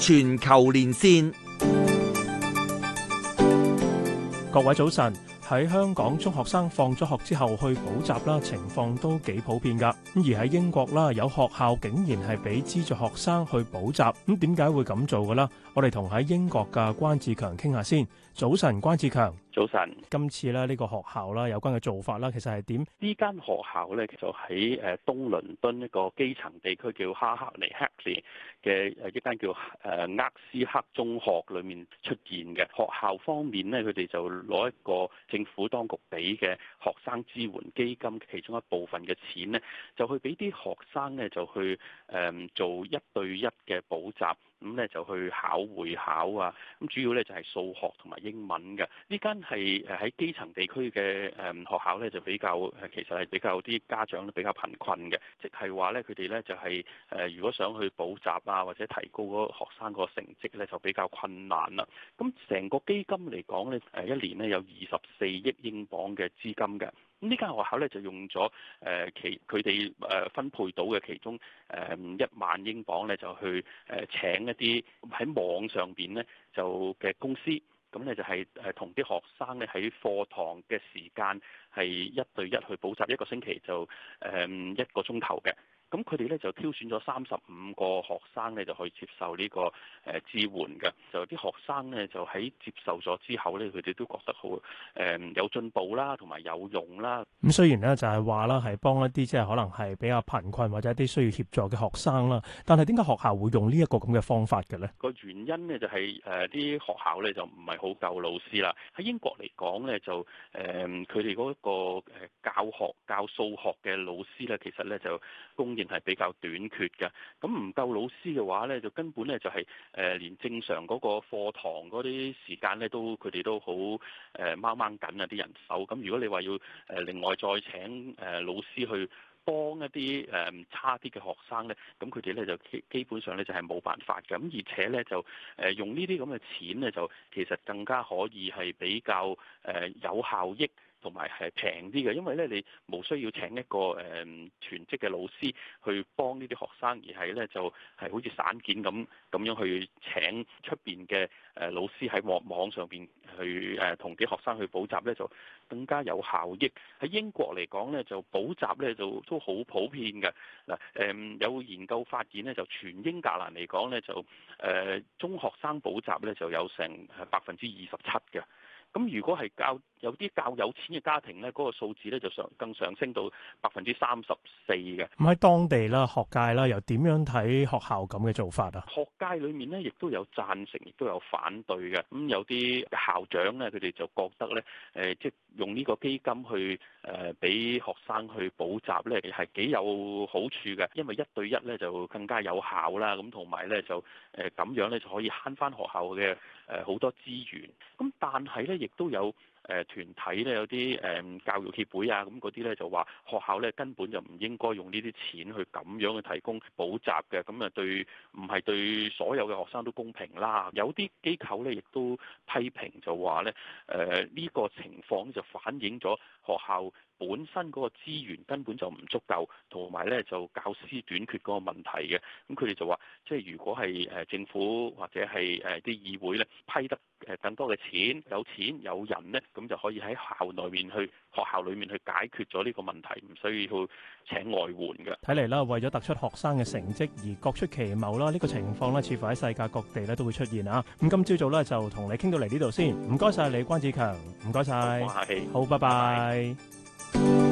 全球連線，各位早晨！喺香港中學生放咗學之後去補習啦，情況都幾普遍噶。咁而喺英國啦，有學校竟然係俾資助學生去補習，咁點解會咁做噶啦？我哋同喺英國嘅關志強傾下先。早晨，關志強。早晨，今次咧呢個學校啦，有關嘅做法啦，其實係點？呢間學校咧其實喺誒東倫敦一個基層地區叫哈克尼 Hackney 嘅一間叫誒厄斯克中學裏面出現嘅。學校方面咧，佢哋就攞一個政府當局俾嘅學生支援基金其中一部分嘅錢咧，就去俾啲學生咧就去誒做一對一嘅補習。咁咧就去考會考啊。咁主要咧就係數學同埋英文嘅。呢間係誒喺基層地區嘅誒學校咧，就比較誒其實係比較啲家長都比較貧困嘅，即係話咧佢哋咧就係、是、誒如果想去補習啊，或者提高嗰學生個成績咧，就比較困難啦。咁成個基金嚟講咧，誒一年咧有二十四億英鎊嘅資金嘅。呢間學校咧就用咗誒其佢哋誒分配到嘅其中誒一萬英鎊咧就去誒請一啲喺網上邊咧就嘅公司，咁咧就係誒同啲學生咧喺課堂嘅時間係一對一去補習，一個星期就誒一個鐘頭嘅。咁佢哋咧就挑選咗三十五個學生咧就去接受呢、這個誒、呃、支援嘅，就啲學生咧就喺接受咗之後咧佢哋都覺得好誒、呃、有進步啦，同埋有，有用啦。咁、嗯、雖然咧就係話啦，係幫一啲即係可能係比較貧困或者一啲需要協助嘅學生啦，但係點解學校會用呢一個咁嘅方法嘅咧？個原因咧就係誒啲學校咧就唔係好夠老師啦。喺英國嚟講咧就誒佢哋嗰個誒教學教數學嘅老師咧其實咧就工。仍然係比較短缺嘅，咁唔夠老師嘅話咧，就根本咧就係、是、誒、呃、連正常嗰個課堂嗰啲時間咧，都佢哋都好誒掹掹緊啊啲人手。咁如果你話要誒、呃、另外再請誒、呃、老師去。幫一啲誒差啲嘅學生呢，咁佢哋呢就基基本上呢就係冇辦法㗎，咁而且呢，就誒用呢啲咁嘅錢呢，就其實更加可以係比較誒有效益同埋係平啲嘅，因為呢，你無需要請一個誒全職嘅老師去幫呢啲學生，而係呢，就係好似散件咁咁樣去請出邊嘅誒老師喺網網上邊去誒同啲學生去補習呢，就更加有效益。喺英國嚟講呢，就補習呢，就好普遍嘅嗱，誒、嗯，有研究發現咧，就全英格蘭嚟講咧，就誒、呃，中學生補習咧就有成百分之二十七嘅。的咁如果係教有啲較有錢嘅家庭咧，嗰個數字咧就上更上升到百分之三十四嘅。咁喺當地啦、學界啦，又點樣睇學校咁嘅做法啊？學界裏面咧，亦都有贊成，亦都有反對嘅。咁有啲校長咧，佢哋就覺得咧，誒即係用呢個基金去誒俾學生去補習咧，係幾有好處嘅，因為一對一咧就更加有效啦。咁同埋咧就誒咁樣咧就可以慳翻學校嘅誒好多資源。咁但係咧。亦都有。誒團體咧有啲誒教育協會啊，咁嗰啲咧就話學校咧根本就唔應該用呢啲錢去咁樣去提供補習嘅，咁啊對唔係對所有嘅學生都公平啦。有啲機構咧亦都批評就話咧，誒呢個情況就反映咗學校本身嗰個資源根本就唔足夠，同埋咧就教師短缺嗰個問題嘅。咁佢哋就話，即係如果係誒政府或者係誒啲議會咧批得誒更多嘅錢，有錢有人咧。咁就可以喺校內面去學校裏面去解決咗呢個問題，唔需要去請外援嘅。睇嚟啦，為咗突出學生嘅成績而各出奇謀啦，呢個情況呢，似乎喺世界各地呢都會出現啊。咁今朝早呢，就同你傾到嚟呢度先，唔該晒，你關志強，唔該晒。好，好，拜拜。拜拜。